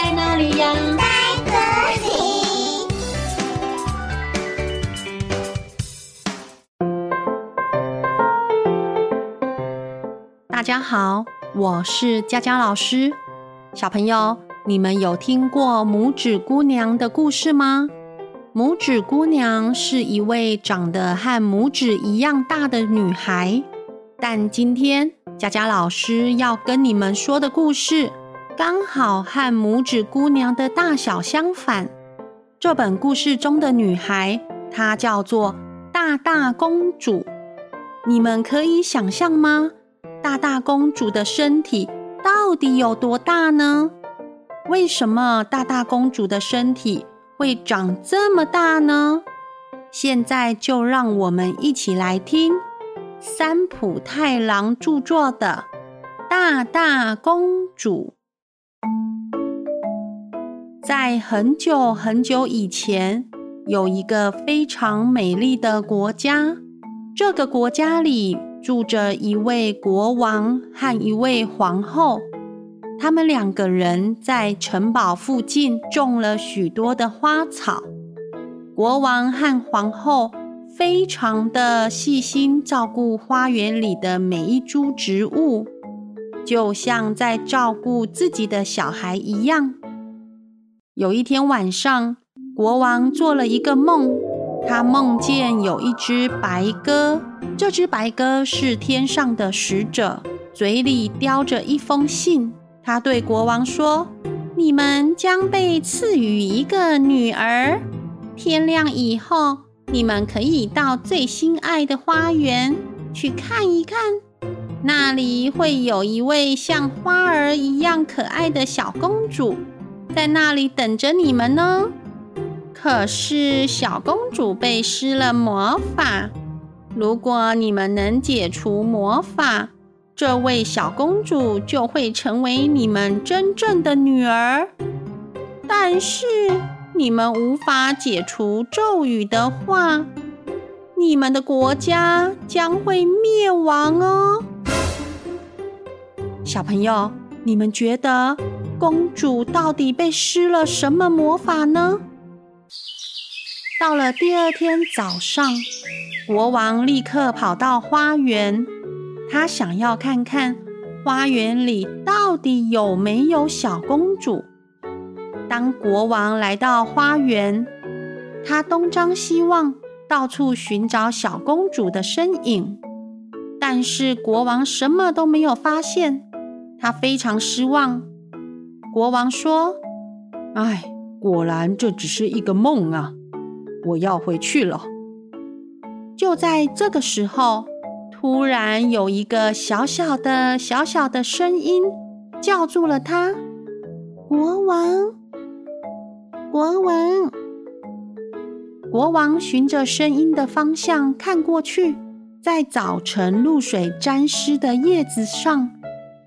在哪裡呀、啊？在這裡。大家好，我是佳佳老師。小朋友，你們有聽過拇指姑娘的故事嗎？拇指姑娘是一位長得和拇指一樣大的女孩。但今天，佳佳老師要跟你們說的故事，剛好和拇指姑娘的大小相反，這本故事中的女孩，她叫做大大公主。你們可以想象嗎？大大公主的身體到底有多大呢？為什麼大大公主的身體會長這麼大呢？現在就讓我們一起來聽三浦太郎著作的《大大公主》。在很久很久以前，有一個非常美麗的國家。這個國家裡住着一位國王和一位皇後。他們兩個人在城堡附近種了許多的花草。國王和皇后非常的細心照顧花園裡的每一株植物，就像在照顧自己的小孩一樣。有一天晚上，國王做了一個夢。他夢見有一隻白鴿，這隻白鴿是天上的使者，嘴裡叼着一封信。他對國王說：“你們將被賜予一個女兒。天亮以後，你們可以到最心愛的花園去看一看，那裡會有一位像花兒一樣可愛的小公主。”在那裡等着你們呢。可是小公主被施了魔法，如果你們能解除魔法，這位小公主就會成為你們真正的女兒。但是你們無法解除咒語的話，你們的國家將會滅亡哦。小朋友，你們覺得？公主到底被施了什麼魔法呢？到了第二天早上，國王立刻跑到花園，他想要看看花園裡到底有沒有小公主。當國王來到花園，他東張西望，到處尋找小公主的身影，但是國王什麼都沒有發現，他非常失望。國王說：“哎，果然這只是一個夢啊！我要回去了。”就在這個時候，突然有一個小小的、小小的聲音叫住了他：“國王，國王！”國王循着聲音的方向看過去，在早晨露水沾濕的葉子上。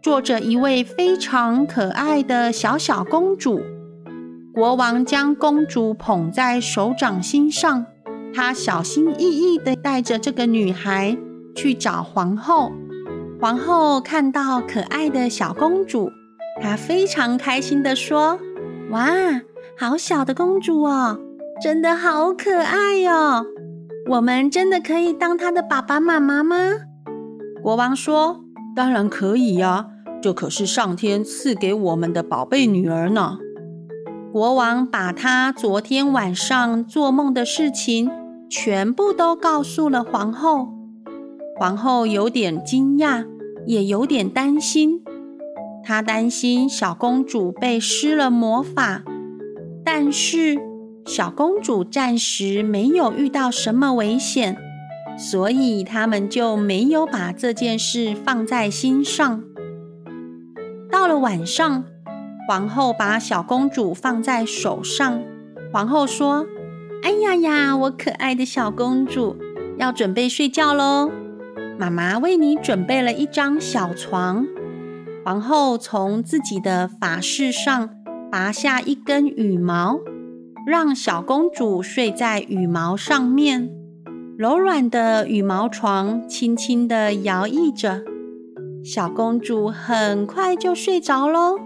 坐着一位非常可愛的小小公主，國王將公主捧在手掌心上。他小心翼翼的帶着這個女孩去找皇後。皇後看到可愛的小公主，她非常開心的說：“哇，好小的公主哦，真的好可愛哦！我們真的可以當她的爸爸媽媽嗎？”國王說。當然可以呀，這可是上天賜給我們的寶貝女兒呢。國王把她昨天晚上做夢的事情全部都告訴了皇後。皇後有點驚訝，也有點擔心，她擔心小公主被施了魔法，但是小公主暫時沒有遇到什麼危險。所以他們就沒有把這件事放在心上。到了晚上，皇后把小公主放在手上。皇後說：“哎呀呀，我可愛的小公主要準備睡覺嘍！媽媽為你準備了一張小床。”皇后從自己的髮飾上拔下一根羽毛，讓小公主睡在羽毛上面。柔軟的羽毛床輕輕地搖曳着，小公主很快就睡着嘍。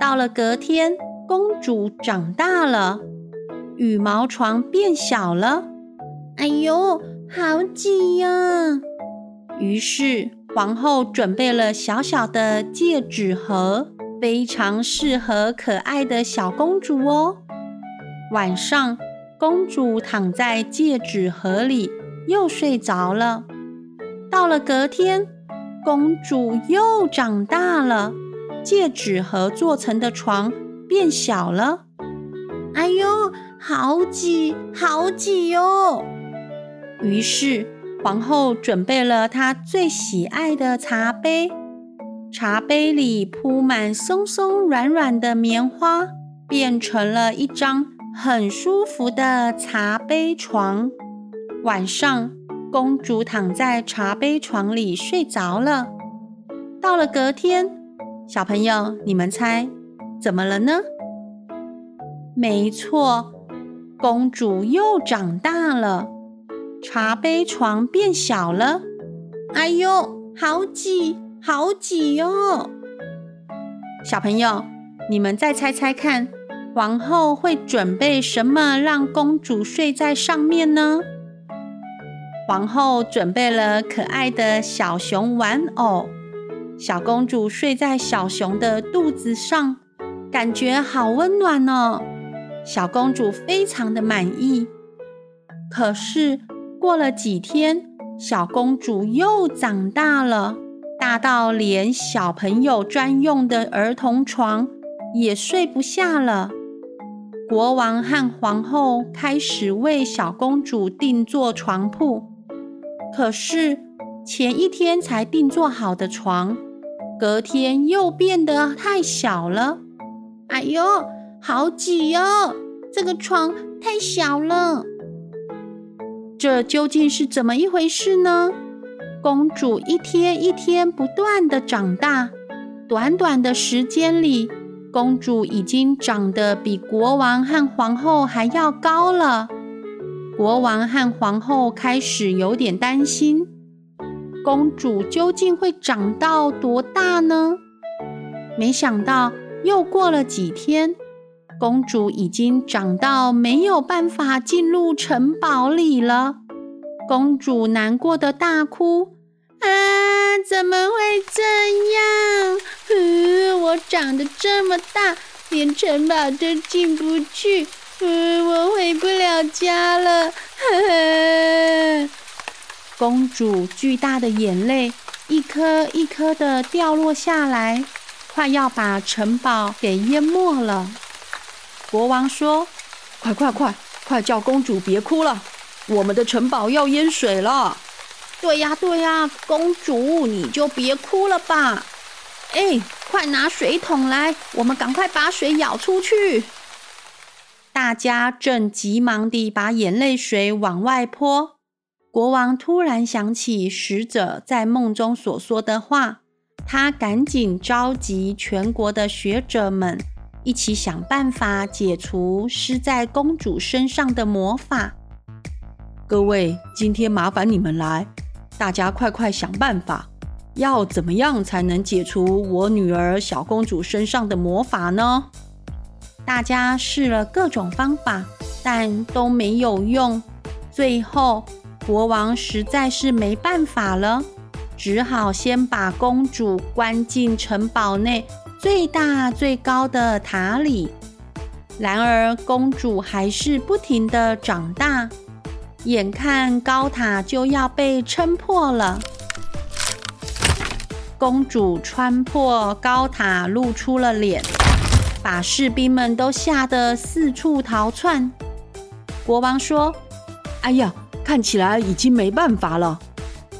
到了隔天，公主長大了，羽毛床變小了，哎呦，好擠呀，啊！於是皇后準備了小小的戒指盒，非常適合可愛的小公主哦。晚上。公主躺在戒指盒裡，又睡着了。到了隔天，公主又長大了，戒指盒做成的床變小了。哎呦，好擠，好擠喲、哦！於是，皇后準備了她最喜愛的茶杯，茶杯裡鋪滿鬆松軟軟的棉花，變成了一張。很舒服的茶杯床，晚上公主躺在茶杯床裡睡着了。到了隔天，小朋友，你們猜怎麼了呢？沒錯，公主又長大了，茶杯床變小了。哎呦，好擠，好擠喲、哦！小朋友，你們再猜猜看。王后會準備什麼讓公主睡在上面呢？王后準備了可愛的小熊玩偶，小公主睡在小熊的肚子上，感覺好溫暖哦。小公主非常的滿意。可是過了幾天，小公主又長大了，大到連小朋友專用的兒童床也睡不下了。國王和皇后開始為小公主定做床鋪，可是前一天才定做好的床，隔天又變得太小了。哎喲，好擠喲！哦，這個床太小了，這究竟是怎麼一回事呢？公主一天一天不斷地長大，短短的時間裡，公主已經長得比國王和皇後還要高了，國王和皇后開始有點擔心，公主究竟會長到多大呢？沒想到又過了幾天，公主已經長到沒有辦法進入城堡裡了。公主難過地大哭，啊，怎麼會這樣？嗯我長得這麼大，連城堡都進不去，嗯，我回不了家了。呵呵。公主巨大的眼淚一顆一顆的掉落下來，快要把城堡給淹沒了。國王說：“快快快，快叫公主別哭了，我們的城堡要淹水了。”對呀對呀，公主你就別哭了吧。哎。快拿水桶來！我們趕快把水舀出去。大家正急忙地把眼淚水往外潑。國王突然想起使者在夢中所說的話，他趕緊召集全國的學者們，一起想辦法解除施在公主身上的魔法。各位，今天麻煩你們來，大家快快想辦法。要怎麼樣才能解除我女兒小公主身上的魔法呢？大家試了各種方法，但都沒有用。最後，國王實在是沒辦法了，只好先把公主關進城堡內最大最高的塔裡。然而，公主還是不停地長大，眼看高塔就要被撐破了。公主穿破高塔，露出了臉，把士兵們都嚇得四處逃竄。國王說：“哎呀，看起來已經沒辦法了。”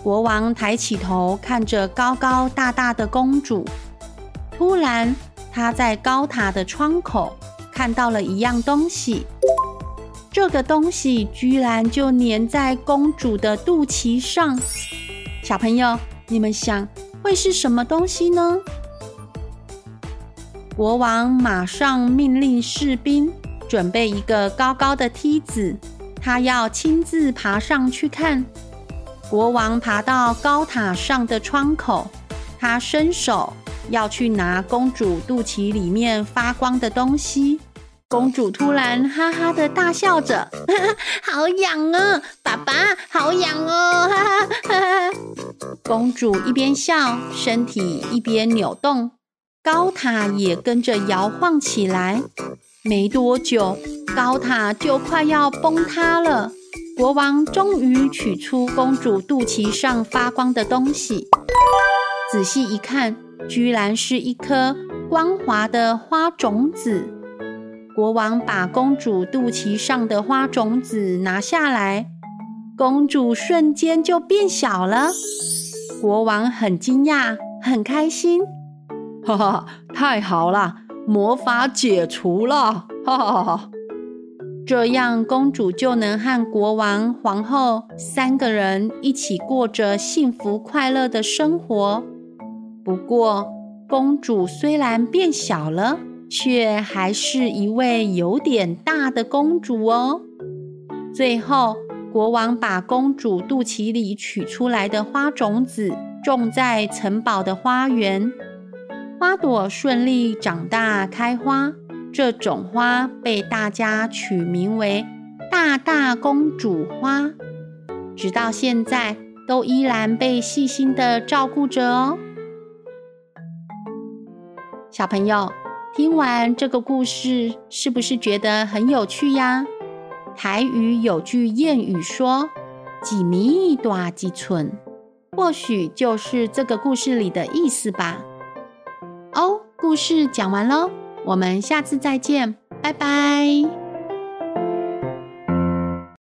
國王抬起頭，看着高高大大的公主。突然，他在高塔的窗口看到了一樣東西。這個東西居然就粘在公主的肚臍上。小朋友，你們想……會是什麼東西呢？國王馬上命令士兵準備一個高高的梯子，他要親自爬上去看。國王爬到高塔上的窗口，他伸手要去拿公主肚臍裡面發光的東西。公主突然哈哈的大笑着：“哈哈好癢啊，哦，爸爸，好癢哦！”哈哈哈哈哈。公主一邊笑，身體一邊扭動，高塔也跟着搖晃起來。沒多久，高塔就快要崩塌了。國王終於取出公主肚臍上發光的東西，仔細一看，居然是一顆光滑的花種子。國王把公主肚臍上的花種子拿下來，公主瞬間就變小了。國王很驚訝，很開心，哈哈，太好了，魔法解除了，哈哈哈哈，這樣公主就能和國王、皇后三個人一起過着幸福快樂的生活。不過，公主雖然變小了，卻還是一位有點大的公主哦。最後。國王把公主肚臍裡取出來的花種子種在城堡的花園，花朵順利長大開花。這種花被大家取名為“大大公主花”，直到現在都依然被細心的照顧着哦。小朋友，聽完這個故事，是不是覺得很有趣呀？台語有句諺語說：“一暝大一寸”，或許就是這個故事裡的意思吧。哦，故事講完嘍，我們下次再見，拜拜。